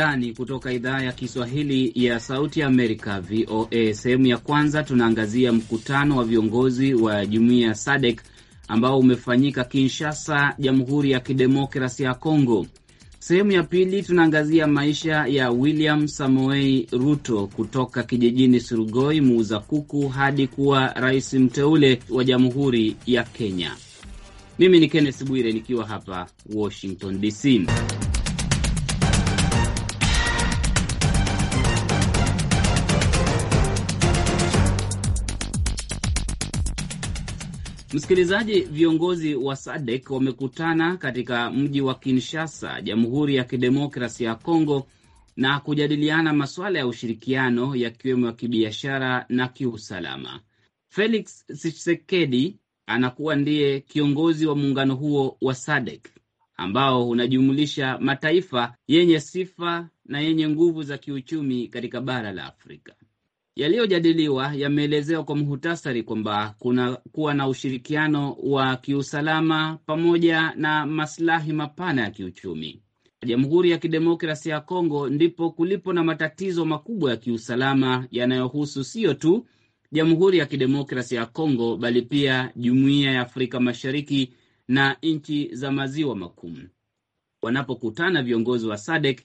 Undani kutoka idhaa ya Kiswahili ya Sauti Amerika, VOA. Sehemu ya kwanza tunaangazia mkutano wa viongozi wa jumuiya ya sadek ambao umefanyika Kinshasa, Jamhuri ya kidemokrasi ya congo Sehemu ya pili tunaangazia maisha ya William Samoei Ruto kutoka kijijini Surugoi, muuza kuku, hadi kuwa rais mteule wa Jamhuri ya Kenya. Mimi ni kennes Bwire nikiwa hapa Washington DC. Msikilizaji, viongozi wa SADC wamekutana katika mji wa Kinshasa, Jamhuri ya Kidemokrasia ya congo na kujadiliana masuala ya ushirikiano yakiwemo ya kibiashara na kiusalama. Felix Tshisekedi anakuwa ndiye kiongozi wa muungano huo wa SADC ambao unajumulisha mataifa yenye sifa na yenye nguvu za kiuchumi katika bara la Afrika. Yaliyojadiliwa yameelezewa kwa mhutasari kwamba kuna kuwa na ushirikiano wa kiusalama pamoja na masilahi mapana ya kiuchumi. Jamhuri ya Kidemokrasia ya Kongo ndipo kulipo na matatizo makubwa ya kiusalama yanayohusu siyo tu Jamhuri ya Kidemokrasia ya Kongo bali pia Jumuiya ya Afrika Mashariki na nchi za Maziwa Makuu. Wanapokutana viongozi wa SADC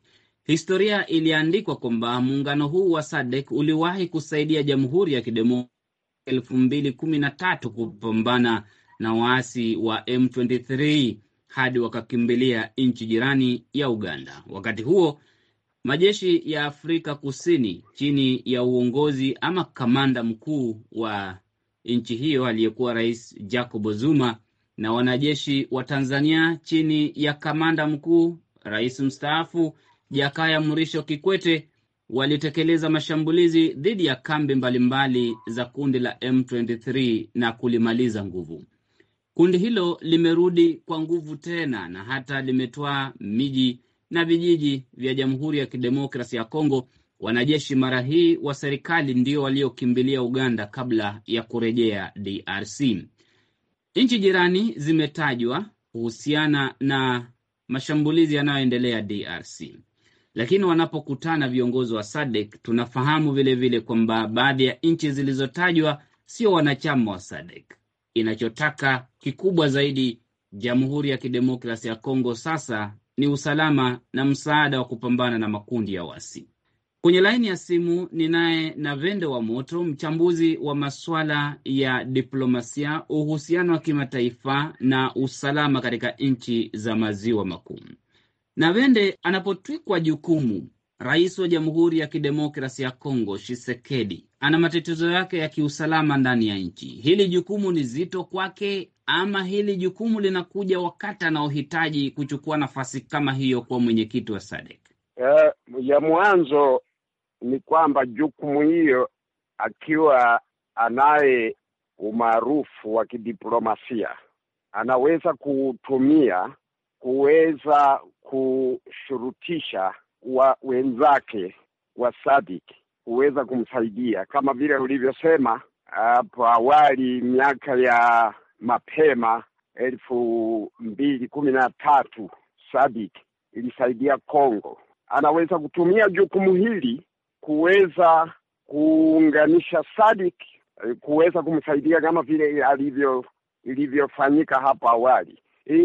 Historia iliandikwa kwamba muungano huu wa Sadek uliwahi kusaidia Jamhuri ya Kidemokrasia elfu mbili kumi na tatu kupambana na waasi wa M23 hadi wakakimbilia nchi jirani ya Uganda. Wakati huo majeshi ya Afrika Kusini chini ya uongozi ama kamanda mkuu wa nchi hiyo aliyekuwa Rais Jacob Zuma na wanajeshi wa Tanzania chini ya kamanda mkuu rais mstaafu Jakaya Mrisho Kikwete walitekeleza mashambulizi dhidi ya kambi mbalimbali za kundi la M23 na kulimaliza nguvu. Kundi hilo limerudi kwa nguvu tena na hata limetwaa miji na vijiji vya Jamhuri ya Kidemokrasi ya Kongo. Wanajeshi mara hii wa serikali ndio waliokimbilia Uganda kabla ya kurejea DRC. Nchi jirani zimetajwa kuhusiana na mashambulizi yanayoendelea DRC lakini wanapokutana viongozi wa SADC tunafahamu vilevile kwamba baadhi ya nchi zilizotajwa sio wanachama wa SADC. Inachotaka kikubwa zaidi Jamhuri ya Kidemokrasi ya Kongo sasa ni usalama na msaada wa kupambana na makundi ya wasi. Kwenye laini ya simu ni naye Navende wa Moto, mchambuzi wa masuala ya diplomasia, uhusiano wa kimataifa na usalama katika nchi za maziwa makuu. Na Wende anapotwikwa jukumu, rais wa Jamhuri ya Kidemokrasi ya Kongo Tshisekedi ana matetezo yake ya kiusalama ndani ya nchi. Hili jukumu ni zito kwake, ama hili jukumu linakuja wakati anaohitaji kuchukua nafasi kama hiyo kwa mwenyekiti wa Sadek? Eh, ya mwanzo ni kwamba jukumu hiyo akiwa anaye umaarufu wa kidiplomasia anaweza kuutumia kuweza kushurutisha wa wenzake wa Sadik huweza kumsaidia kama vile ulivyosema hapo awali, miaka ya mapema elfu mbili kumi na tatu Sadik ilisaidia congo Anaweza kutumia jukumu hili kuweza kuunganisha Sadik kuweza kumsaidia kama vile alivyo ilivyofanyika hapo awali.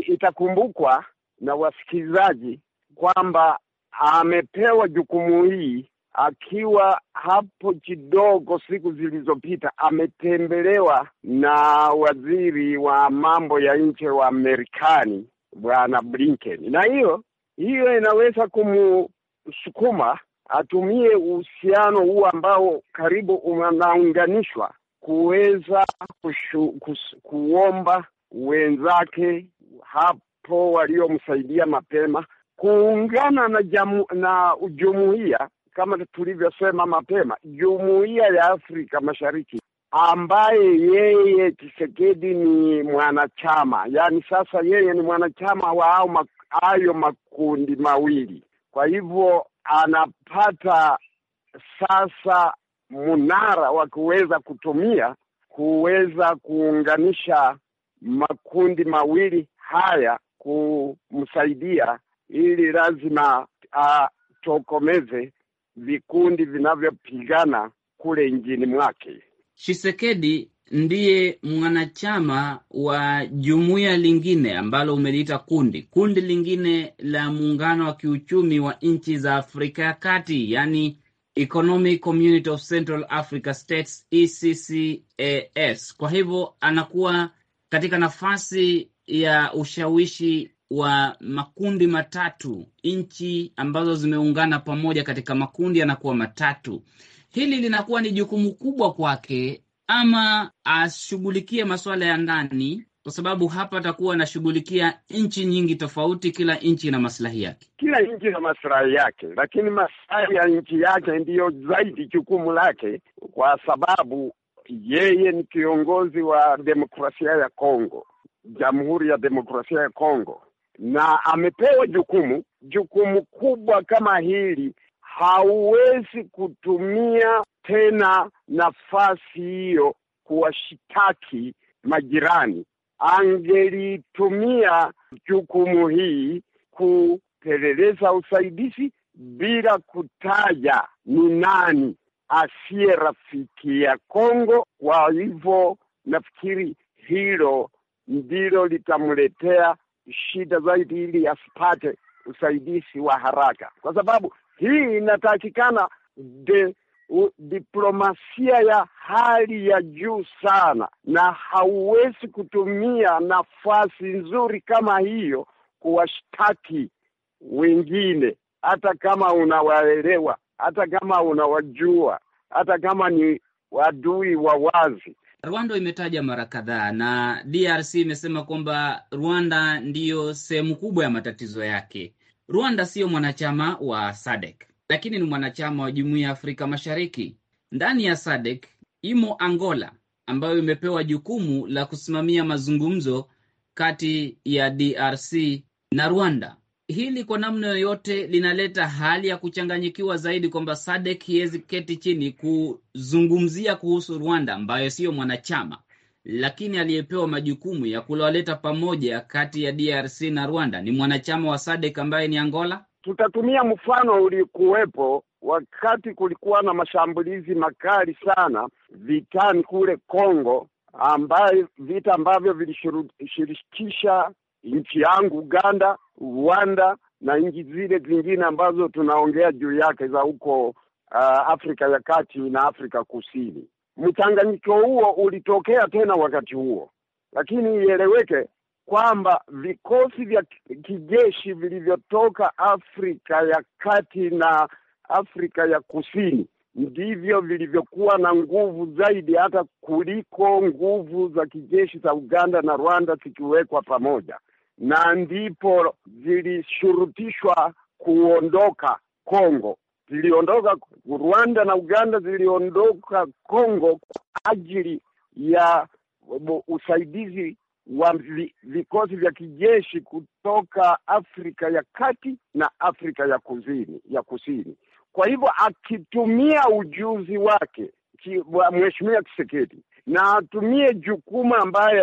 itakumbukwa na wasikilizaji kwamba amepewa jukumu hii akiwa hapo kidogo siku zilizopita ametembelewa na waziri wa mambo ya nje wa Marekani bwana Blinken, na hiyo hiyo inaweza kumsukuma atumie uhusiano huu ambao karibu unaunganishwa kuweza kuomba wenzake hapo wapo waliomsaidia mapema kuungana na jamu, na jumuiya kama tulivyosema mapema, jumuiya ya Afrika Mashariki ambaye yeye kisekedi ni mwanachama, yaani sasa yeye ni mwanachama wa hayo makundi mawili. Kwa hivyo anapata sasa mnara wa kuweza kutumia kuweza kuunganisha makundi mawili haya kumsaidia ili lazima atokomeze vikundi vinavyopigana kule nchini mwake. Shisekedi ndiye mwanachama wa jumuiya lingine ambalo umeliita kundi kundi lingine la muungano wa kiuchumi wa nchi za Afrika ya Kati, yani Economic Community of Central Africa States ECCAS. Kwa hivyo anakuwa katika nafasi ya ushawishi wa makundi matatu, nchi ambazo zimeungana pamoja katika makundi yanakuwa matatu. Hili linakuwa ni jukumu kubwa kwake, ama ashughulikie masuala ya ndani kwa sababu hapa atakuwa anashughulikia nchi nyingi tofauti. Kila nchi ina maslahi yake, kila nchi ina maslahi yake, lakini maslahi ya nchi yake ndiyo zaidi jukumu lake, kwa sababu yeye ni kiongozi wa demokrasia ya Kongo. Jamhuri ya Demokrasia ya Kongo, na amepewa jukumu jukumu kubwa kama hili, hauwezi kutumia tena nafasi hiyo kuwashitaki majirani. Angelitumia jukumu hii kupeleleza usaidizi bila kutaja ni nani asiye rafiki ya Kongo. Kwa hivyo nafikiri hilo ndilo litamletea shida zaidi, ili asipate usaidizi wa haraka, kwa sababu hii inatakikana de U, diplomasia ya hali ya juu sana, na hauwezi kutumia nafasi nzuri kama hiyo kuwashtaki wengine, hata kama unawaelewa, hata kama unawajua, hata kama ni wadui wa wazi. Rwanda imetaja mara kadhaa na DRC imesema kwamba Rwanda ndiyo sehemu kubwa ya matatizo yake. Rwanda siyo mwanachama wa SADC, lakini ni mwanachama wa Jumuiya ya Afrika Mashariki. Ndani ya SADC imo Angola ambayo imepewa jukumu la kusimamia mazungumzo kati ya DRC na Rwanda hili kwa namna yoyote linaleta hali ya kuchanganyikiwa zaidi kwamba Sadek hiwezi keti chini kuzungumzia kuhusu Rwanda ambayo siyo mwanachama, lakini aliyepewa majukumu ya kuliwaleta pamoja kati ya DRC na Rwanda ni mwanachama wa Sadek ambaye ni Angola. Tutatumia mfano uliokuwepo wakati kulikuwa na mashambulizi makali sana vitani kule Kongo, ambayo vita ambavyo vilishirikisha nchi yangu Uganda, Rwanda na nchi zile zingine ambazo tunaongea juu yake za huko uh, Afrika ya Kati na Afrika Kusini. Mchanganyiko huo ulitokea tena wakati huo, lakini ieleweke kwamba vikosi vya kijeshi vilivyotoka Afrika ya Kati na Afrika ya Kusini ndivyo vilivyokuwa na nguvu zaidi hata kuliko nguvu za kijeshi za Uganda na Rwanda zikiwekwa pamoja na ndipo zilishurutishwa kuondoka Kongo. Ziliondoka Rwanda na Uganda, ziliondoka Kongo kwa ajili ya usaidizi wa vikosi vya kijeshi kutoka Afrika ya Kati na Afrika ya Kusini ya Kusini. Kwa hivyo akitumia ujuzi wake Mheshimiwa Tshisekedi na atumie jukumu ambaye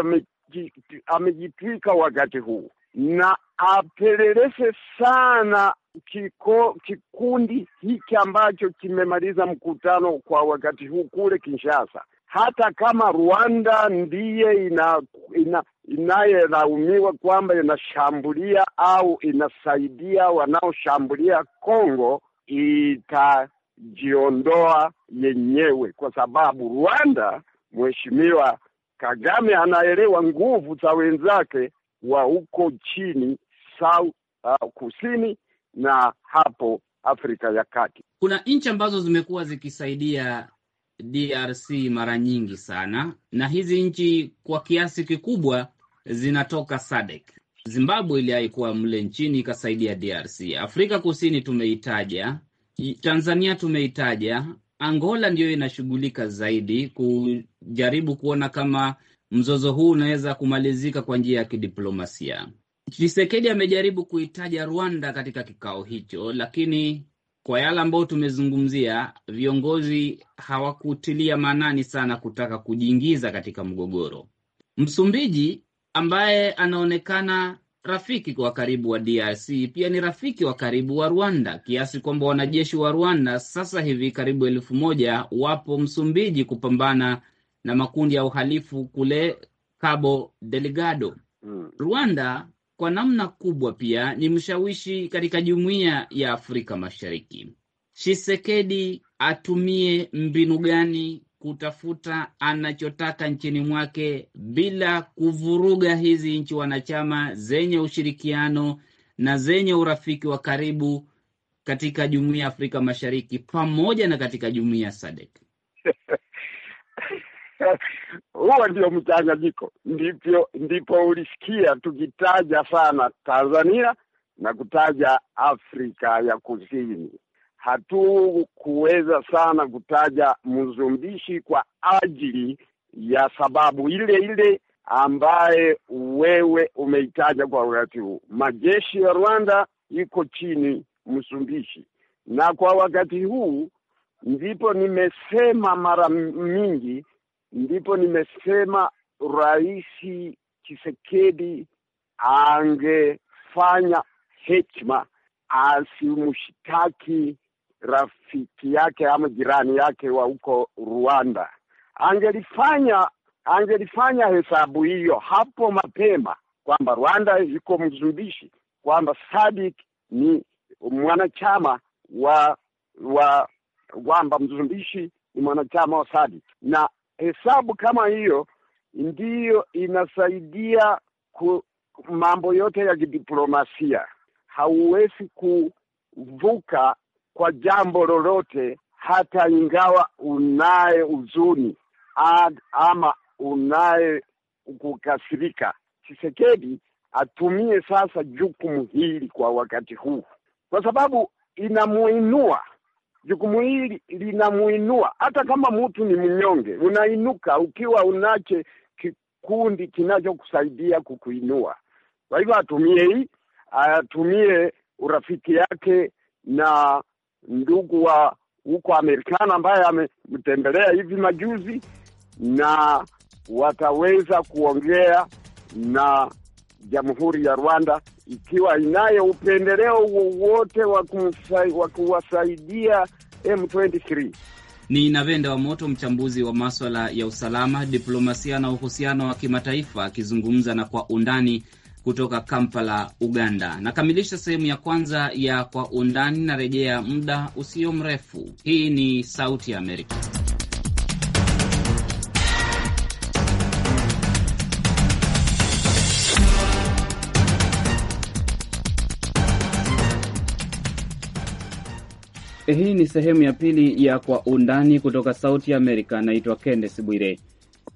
amejitwika wakati huu na apeleleshe sana kiko, kikundi hiki ambacho kimemaliza mkutano kwa wakati huu kule Kinshasa. Hata kama Rwanda ndiye ina, ina inayelaumiwa kwamba inashambulia au inasaidia wanaoshambulia Kongo, itajiondoa yenyewe kwa sababu Rwanda, mheshimiwa Kagame anaelewa nguvu za wenzake wa huko chini sau, uh, kusini na hapo Afrika ya Kati. Kuna nchi ambazo zimekuwa zikisaidia DRC mara nyingi sana, na hizi nchi kwa kiasi kikubwa zinatoka SADC. Zimbabwe iliwahi kuwa mle nchini ikasaidia DRC. Afrika Kusini tumeitaja, Tanzania tumeitaja, Angola ndiyo inashughulika zaidi kujaribu kuona kama mzozo huu unaweza kumalizika kwa njia ya kidiplomasia. chisekedi amejaribu kuitaja Rwanda katika kikao hicho, lakini kwa yale ambayo tumezungumzia, viongozi hawakutilia maanani sana kutaka kujiingiza katika mgogoro. Msumbiji ambaye anaonekana rafiki wa karibu wa DRC pia ni rafiki wa karibu wa Rwanda, kiasi kwamba wanajeshi wa Rwanda sasa hivi karibu elfu moja wapo Msumbiji kupambana na makundi ya uhalifu kule Cabo Delgado. Hmm. Rwanda kwa namna kubwa pia ni mshawishi katika jumuiya ya Afrika Mashariki. Tshisekedi atumie mbinu gani kutafuta anachotaka nchini mwake bila kuvuruga hizi nchi wanachama zenye ushirikiano na zenye urafiki wa karibu katika jumuiya ya Afrika Mashariki pamoja na katika jumuiya ya SADC. Huo ndio mchanganyiko, ndipo ndipo ulisikia tukitaja sana Tanzania na kutaja Afrika ya Kusini hatukuweza sana kutaja Mzumbishi kwa ajili ya sababu ile ile ambaye wewe umeitaja kwa wakati huu. Majeshi ya Rwanda iko chini Msumbishi, na kwa wakati huu ndipo nimesema mara mingi, ndipo nimesema Rais Chisekedi angefanya hekima asimshtaki rafiki yake ama jirani yake wa huko Rwanda. Angelifanya angelifanya hesabu hiyo hapo mapema kwamba Rwanda iko mzumbishi, kwamba Sadik ni mwanachama wa wa kwamba Mzumbishi ni mwanachama wa Sadik, na hesabu kama hiyo ndiyo inasaidia ku mambo yote ya kidiplomasia. Hauwezi kuvuka kwa jambo lolote, hata ingawa unaye huzuni ama unaye kukasirika. Chisekedi atumie sasa jukumu hili kwa wakati huu, kwa sababu inamuinua jukumu hili linamuinua. Hata kama mtu ni mnyonge, unainuka ukiwa unache kikundi kinachokusaidia kukuinua. Kwa hivyo atumie hii, atumie urafiki yake na ndugu wa huko Amerikana ambaye amemtembelea hivi majuzi, na wataweza kuongea na Jamhuri ya Rwanda ikiwa inayo upendeleo wowote wa kuwasaidia M23. Ni Navenda wa Moto, mchambuzi wa maswala ya usalama, diplomasia na uhusiano wa kimataifa, akizungumza na kwa undani kutoka Kampala, Uganda. Nakamilisha sehemu ya kwanza ya Kwa Undani, narejea muda usio mrefu. Hii ni Sauti ya Amerika. Hii ni sehemu ya pili ya Kwa Undani kutoka Sauti ya Amerika. Naitwa Kendes Bwire.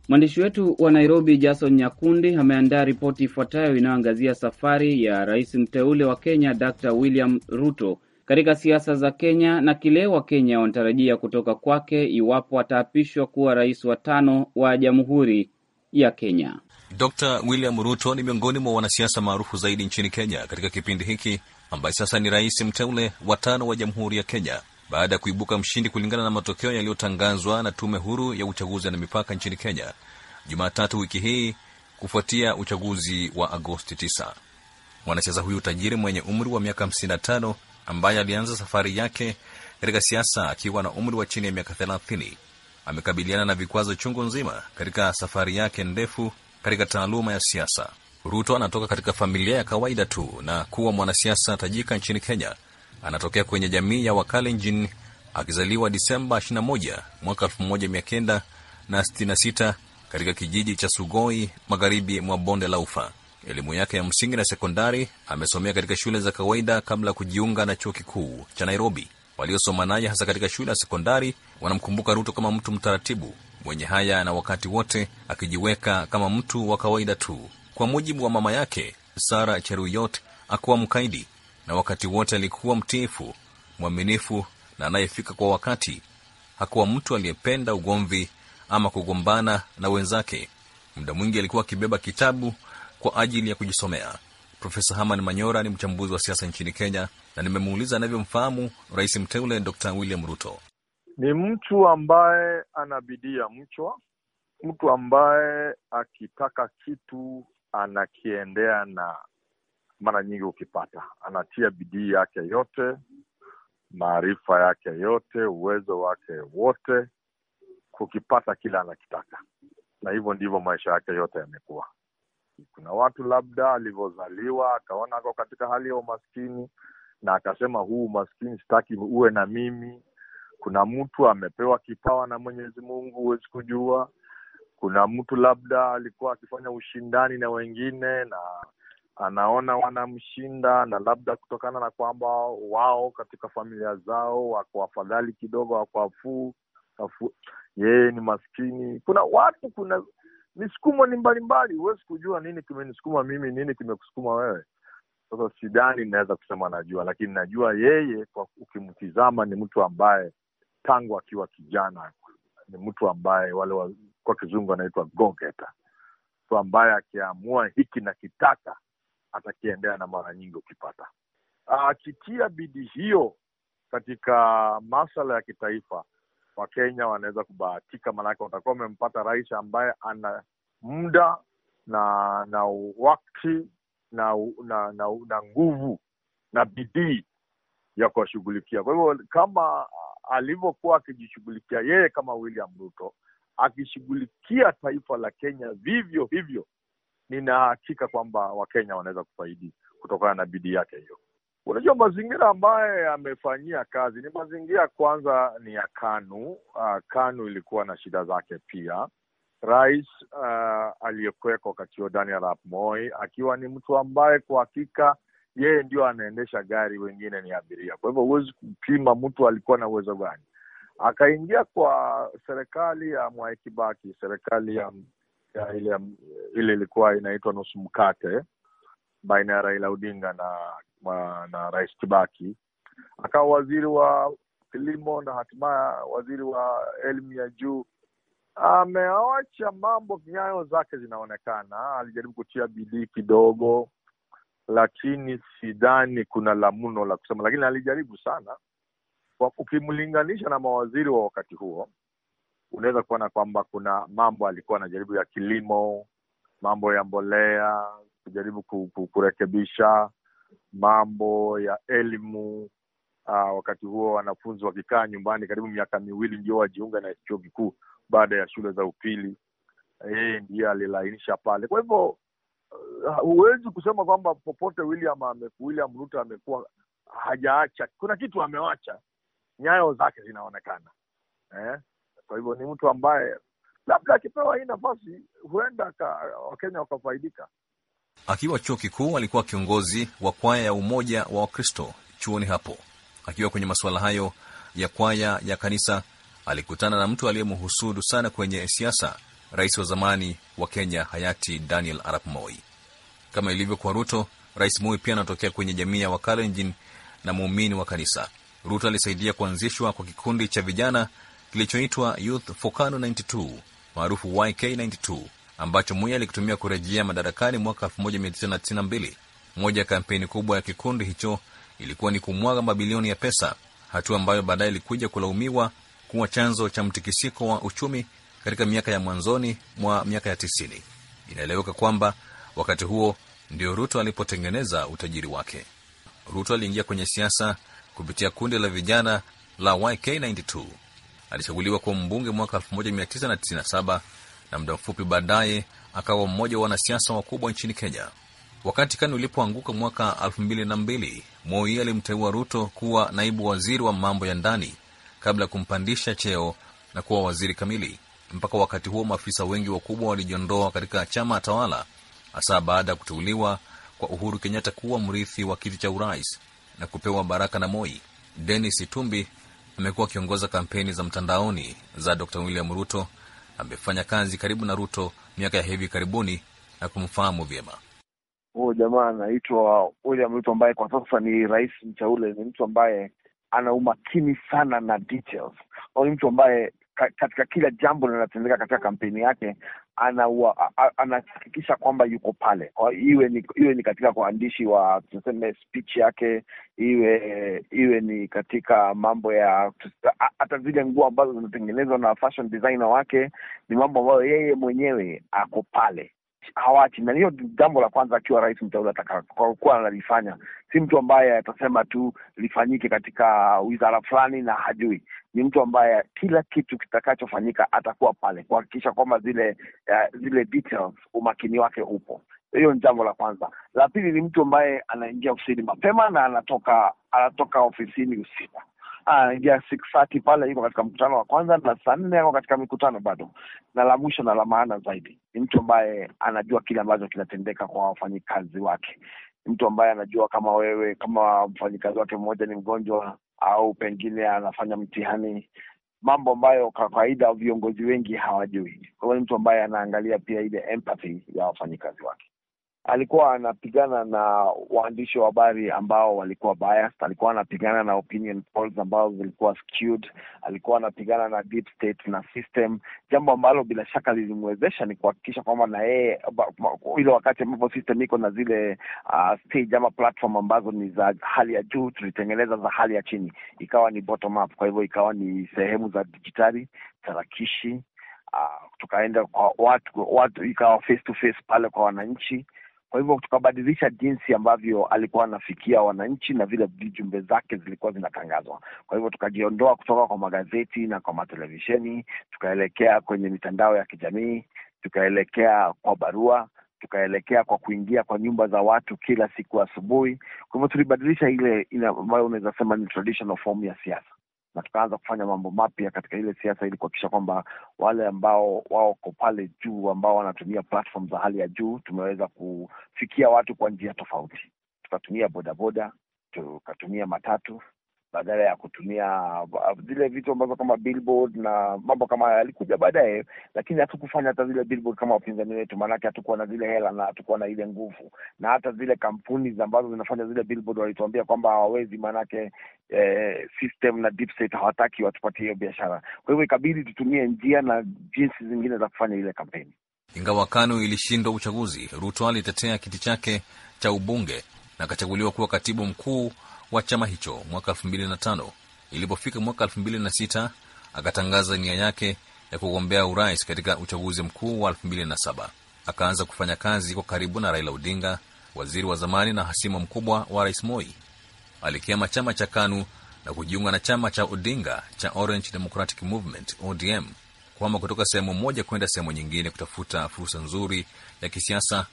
Mwandishi wetu wa Nairobi, Jason Nyakundi, ameandaa ripoti ifuatayo inayoangazia safari ya rais mteule wa Kenya Dr William Ruto katika siasa za Kenya na kile Wakenya wanatarajia kutoka kwake iwapo ataapishwa kuwa rais wa tano wa Jamhuri ya Kenya. Dr William Ruto ni miongoni mwa wanasiasa maarufu zaidi nchini Kenya katika kipindi hiki ambaye sasa ni rais mteule wa tano wa Jamhuri ya Kenya baada ya kuibuka mshindi kulingana na matokeo yaliyotangazwa na Tume Huru ya Uchaguzi na Mipaka nchini Kenya Jumatatu wiki hii kufuatia uchaguzi wa Agosti 9. Mwanasiasa huyu tajiri mwenye umri wa miaka 55 ambaye alianza safari yake katika siasa akiwa na umri wa chini ya miaka 30 amekabiliana na vikwazo chungu nzima katika safari yake ndefu katika taaluma ya siasa. Ruto anatoka katika familia ya kawaida tu na kuwa mwanasiasa tajika nchini Kenya Anatokea kwenye jamii ya Wakalenjin akizaliwa Disemba 21 mwaka 1966 katika kijiji cha Sugoi magharibi mwa bonde la Ufa. Elimu yake ya msingi na sekondari amesomea katika shule za kawaida kabla ya kujiunga na chuo kikuu cha Nairobi. Waliosoma naye hasa katika shule ya sekondari wanamkumbuka Ruto kama mtu mtaratibu, mwenye haya na wakati wote akijiweka kama mtu wa kawaida tu. Kwa mujibu wa mama yake Sara Cheruyot, akuwa mkaidi na wakati wote alikuwa mtiifu, mwaminifu na anayefika kwa wakati. Hakuwa mtu aliyependa ugomvi ama kugombana na wenzake. Muda mwingi alikuwa akibeba kitabu kwa ajili ya kujisomea. Profesa Herman Manyora ni mchambuzi wa siasa nchini Kenya na nimemuuliza anavyomfahamu rais mteule Dr. William Ruto. Ni mtu ambaye anabidia mchwa, mtu ambaye akitaka kitu anakiendea na mara nyingi ukipata, anatia bidii yake yote, maarifa yake yote, uwezo wake wote, kukipata kile anakitaka, na hivyo ndivyo maisha yake yote yamekuwa. Kuna watu labda alivyozaliwa akaona ako katika hali ya umaskini na akasema huu umaskini sitaki uwe na mimi. Kuna mtu amepewa kipawa na Mwenyezi Mungu, huwezi kujua. Kuna mtu labda alikuwa akifanya ushindani na wengine na anaona wanamshinda, na labda kutokana na kwamba wao katika familia zao wako afadhali kidogo, wako afuu afu, yeye ni maskini. Kuna watu, kuna misukumo ni mbalimbali, huwezi kujua nini kimenisukuma mimi, nini kimekusukuma wewe. Sasa sidhani inaweza kusema najua, lakini najua yeye, kwa ukimtizama, ni mtu ambaye tangu akiwa kijana ni mtu ambaye wale wa, kwa kizungu anaitwa go getter, mtu ambaye akiamua hiki na kitaka atakiendea na mara nyingi ukipata. Akitia bidii hiyo katika masala ya kitaifa, Wakenya wanaweza kubahatika, maanake watakuwa wamempata rais ambaye ana muda na na wakti na na, na, na nguvu na bidii ya kuwashughulikia. Kwa hivyo kama alivyokuwa akijishughulikia yeye kama William Ruto, akishughulikia taifa la Kenya vivyo hivyo nina hakika kwamba Wakenya wanaweza kufaidi kutokana na bidii yake hiyo. Unajua, mazingira ambaye amefanyia kazi ni mazingira kwanza ni ya KANU. Uh, KANU ilikuwa na shida zake pia. Rais uh, ah, aliyekuweko wakati huo Daniel Arap Moi akiwa ni mtu ambaye kwa hakika yeye ndio anaendesha gari, wengine ni abiria. Kwa hivyo huwezi kupima mtu alikuwa na uwezo gani. Akaingia kwa serikali ya Mwai Kibaki, serikali ya ya ile ile ilikuwa inaitwa nusu mkate baina ya Raila Odinga na, na, na Rais Kibaki. Akawa waziri wa kilimo na hatimaye waziri wa elimu ya juu. Ameacha mambo, nyayo zake zinaonekana. Alijaribu kutia bidii kidogo, lakini sidhani kuna la mno la kusema, lakini alijaribu sana, ukimlinganisha na mawaziri wa wakati huo unaweza kuona kwamba kuna mambo alikuwa anajaribu ya kilimo, mambo ya mbolea, kujaribu kurekebisha mambo ya elimu. Uh, wakati huo wanafunzi wakikaa nyumbani karibu miaka miwili ndio wajiunga na chuo kikuu baada ya shule za upili. Yeye ndiye alilainisha pale. Kwa hivyo ah, huwezi uh, kusema kwamba popote William ame, William Ruto amekuwa hajaacha, kuna kitu amewacha, nyayo zake zinaonekana eh? Kwa hivyo ni mtu ambaye labda akipewa hii nafasi huenda Wakenya wakafaidika. Akiwa chuo kikuu alikuwa kiongozi wa kwaya ya Umoja wa Wakristo chuoni hapo. Akiwa kwenye masuala hayo ya kwaya ya kanisa, alikutana na mtu aliyemhusudu sana kwenye siasa, rais wa zamani wa Kenya hayati Daniel Arap Moi. Kama ilivyo kwa Ruto, Rais Moi pia anatokea kwenye jamii ya Wakalenjin na muumini wa kanisa. Ruto alisaidia kuanzishwa kwa kikundi cha vijana kilichoitwa Youth Volcano 92 maarufu YK92 ambacho Moi alikitumia kurejea madarakani mwaka 1992. Moja ya kampeni kubwa ya kikundi hicho ilikuwa ni kumwaga mabilioni ya pesa, hatua ambayo baadaye ilikuja kulaumiwa kuwa chanzo cha mtikisiko wa uchumi katika miaka ya mwanzoni mwa miaka ya tisini. Inaeleweka kwamba wakati huo ndio Ruto alipotengeneza utajiri wake. Ruto aliingia kwenye siasa kupitia kundi la vijana la YK92 alichaguliwa kuwa mbunge mwaka 1997 na muda mfupi baadaye akawa mmoja wa wanasiasa wakubwa nchini Kenya. Wakati KANU ulipoanguka mwaka 2002, Moi alimteua Ruto kuwa naibu waziri wa mambo ya ndani kabla ya kumpandisha cheo na kuwa waziri kamili. Mpaka wakati huo maafisa wengi wakubwa walijiondoa katika chama tawala, hasa baada ya kuteuliwa kwa Uhuru Kenyatta kuwa mrithi wa kiti cha urais na kupewa baraka na Moi. Denis Itumbi amekuwa akiongoza kampeni za mtandaoni za Dr William Ruto. Amefanya kazi karibu na Ruto miaka ya hivi karibuni na kumfahamu vyema. Huyo jamaa anaitwa William Ruto ambaye kwa sasa ni rais mteule, ni mtu ambaye ana umakini sana na details. Ni mtu ambaye katika kila jambo linatendeka katika kampeni yake anahakikisha kwamba yuko pale, iwe ni iwe ni katika uandishi wa tuseme speech yake, iwe iwe ni katika mambo ya hata zile nguo ambazo zinatengenezwa na fashion designer wake, ni mambo ambayo yeye mwenyewe ako pale hawachi na hiyo jambo la kwanza akiwa rais mteule atakakuwa analifanya. Si mtu ambaye atasema tu lifanyike katika wizara fulani na hajui. Ni mtu ambaye kila kitu kitakachofanyika atakuwa pale kuhakikisha kwamba zile uh, zile details umakini wake upo. Hiyo ni jambo la kwanza. La pili ni mtu ambaye anaingia ofisini mapema na anatoka anatoka ofisini usiku ingia six thirty pale, iko katika mkutano wa kwanza, na saa nne ako katika mikutano bado, na la mwisho na la maana zaidi, ni mtu ambaye anajua kile ambacho kinatendeka kwa wafanyikazi wake, mtu ambaye anajua kama wewe kama mfanyikazi wake mmoja ni mgonjwa au pengine anafanya mtihani mambo ambayo kwa kawaida viongozi wengi hawajui. Kwa hiyo ni mtu ambaye anaangalia pia ile empathy ya wafanyikazi wake alikuwa anapigana na waandishi wa habari ambao walikuwa biased, alikuwa anapigana na opinion polls zilikuwa skewed, alikuwa anapigana na deep state na system, jambo ambalo bila shaka lilimwezesha ni kuhakikisha kwamba na yeye ile wakati ambapo system iko na zile uh, stage ama platform ambazo ni za hali ya juu, tulitengeneza za hali ya chini, ikawa ni bottom up. Kwa hivyo ikawa ni sehemu za dijitali, tarakishi, uh, tukaenda kwa watu, watu ikawa face to face pale kwa wananchi kwa hivyo tukabadilisha jinsi ambavyo alikuwa anafikia wananchi na vile jumbe zake zilikuwa zinatangazwa. Kwa hivyo tukajiondoa kutoka kwa magazeti na kwa matelevisheni, tukaelekea kwenye mitandao ya kijamii, tukaelekea kwa barua tukaelekea kwa kuingia kwa nyumba za watu kila siku asubuhi. Kwa hivyo tulibadilisha ile ambayo unaweza sema ni traditional form ya siasa na tukaanza kufanya mambo mapya katika ile siasa ili kuhakikisha kwamba wale ambao wako pale juu ambao wanatumia platform za hali ya juu tumeweza kufikia watu kwa njia tofauti. Tukatumia bodaboda, tukatumia matatu, badala ya kutumia uh, zile vitu ambazo kama billboard na mambo kama hayo yalikuja baadaye, lakini hatukufanya hata zile billboard kama wapinzani wetu, maanake hatukuwa na zile hela na hatukuwa na ile nguvu, na hata zile kampuni ambazo zinafanya zile billboard walituambia kwamba hawawezi, maanake eh, system na deep state hawataki watupatie hiyo biashara. Kwa hivyo ikabidi tutumie njia na jinsi zingine za kufanya ile kampeni. Ingawa KANU ilishindwa uchaguzi, Ruto alitetea kiti chake cha ubunge na akachaguliwa kuwa katibu mkuu wa chama hicho mwaka 2005. Ilipofika mwaka 2006 akatangaza nia yake ya kugombea urais katika uchaguzi mkuu wa 2007. Akaanza kufanya kazi kwa karibu na Raila Odinga, waziri wa zamani na hasimu mkubwa wa Rais Moi. Alikiama chama cha KANU na kujiunga na chama cha Odinga cha Orange Democratic Movement ODM, kuhama kutoka sehemu moja kwenda sehemu nyingine kutafuta fursa nzuri ya kisiasa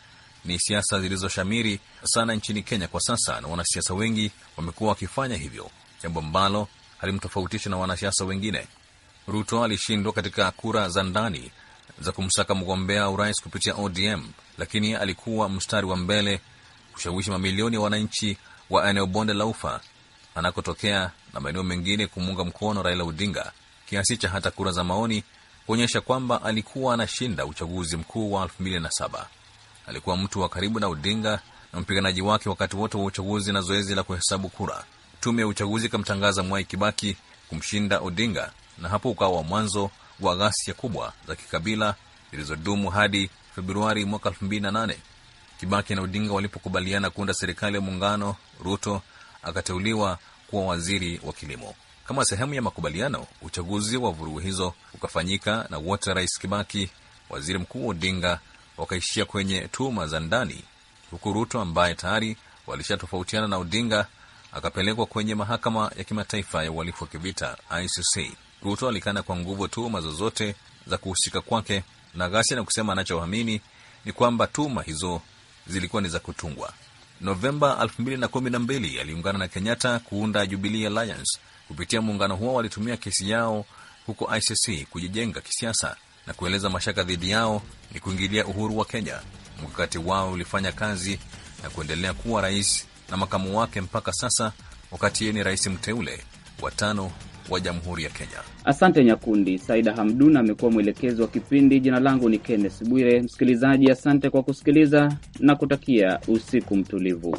ni siasa zilizoshamiri sana nchini Kenya kwa sasa, na wanasiasa wengi wamekuwa wakifanya hivyo, jambo ambalo halimtofautisha na wanasiasa wengine. Ruto alishindwa katika kura za ndani za kumsaka mgombea urais kupitia ODM, lakini alikuwa mstari wa mbele kushawishi mamilioni ya wananchi wa eneo bonde la Ufa anakotokea na maeneo mengine kumuunga mkono Raila Odinga, kiasi cha hata kura za maoni kuonyesha kwamba alikuwa anashinda uchaguzi mkuu wa 2007 alikuwa mtu wa karibu na Odinga na mpiganaji wake wakati wote wa uchaguzi na zoezi la kuhesabu kura. Tume ya uchaguzi ikamtangaza Mwai Kibaki kumshinda Odinga, na hapo ukawa mwanzo wa ghasia kubwa za kikabila zilizodumu hadi Februari mwaka elfu Kibaki na Odinga walipokubaliana kuunda serikali ya muungano, Ruto akateuliwa kuwa waziri wa kilimo. Kama sehemu ya makubaliano, uchaguzi wa vurugu hizo ukafanyika na wote Rais Kibaki, waziri mkuu Odinga wakaishia kwenye tuhuma za ndani, huku Ruto ambaye tayari walishatofautiana na Odinga akapelekwa kwenye mahakama ya kimataifa ya uhalifu wa kivita ICC. Ruto alikana kwa nguvu tuhuma zozote za kuhusika kwake na ghasia na kusema anachoamini ni kwamba tuhuma hizo zilikuwa ni za kutungwa. Novemba 2012 aliungana na Kenyatta kuunda Jubilee Alliance. Kupitia muungano huo walitumia kesi yao huko ICC kujijenga kisiasa na kueleza mashaka dhidi yao ni kuingilia uhuru wa Kenya. Mkakati wao ulifanya kazi na kuendelea kuwa rais na makamu wake mpaka sasa, wakati yeye ni rais mteule wa tano wa jamhuri ya Kenya. Asante Nyakundi. Saida Hamdun amekuwa mwelekezi wa kipindi. Jina langu ni Kenneth Bwire. Msikilizaji, asante kwa kusikiliza na kutakia usiku mtulivu.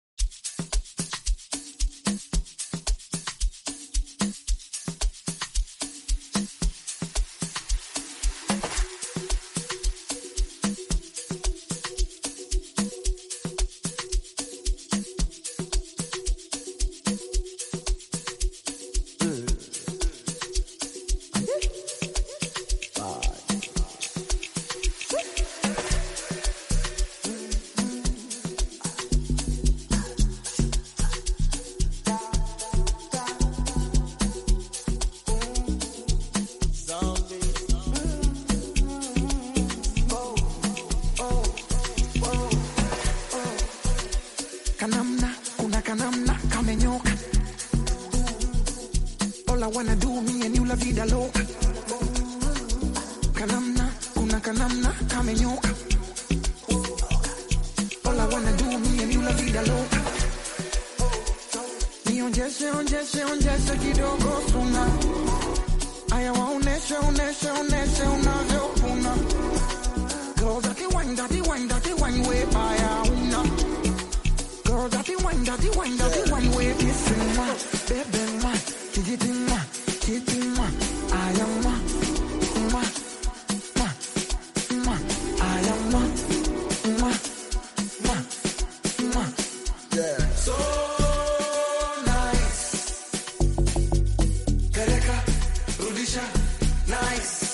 wanna do me wine, dati wine, wine we aya wine, dati wine, dati wine we one. Baby, man, digitin Nice.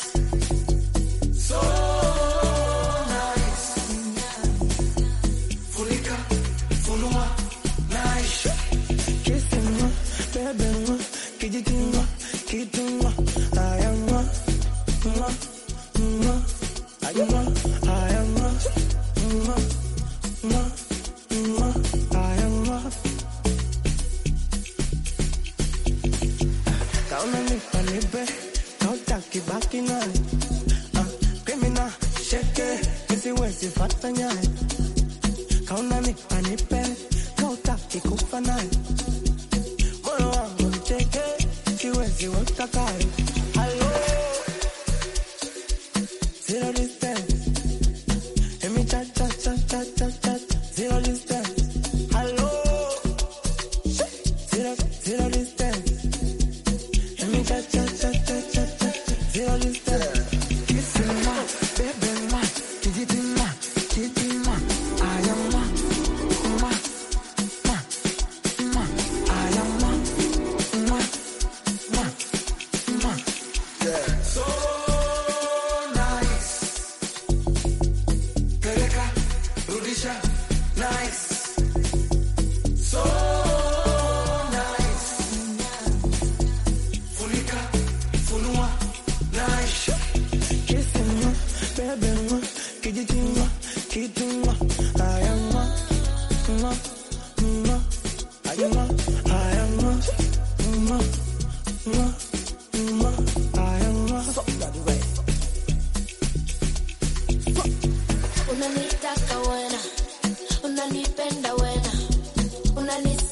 Japanese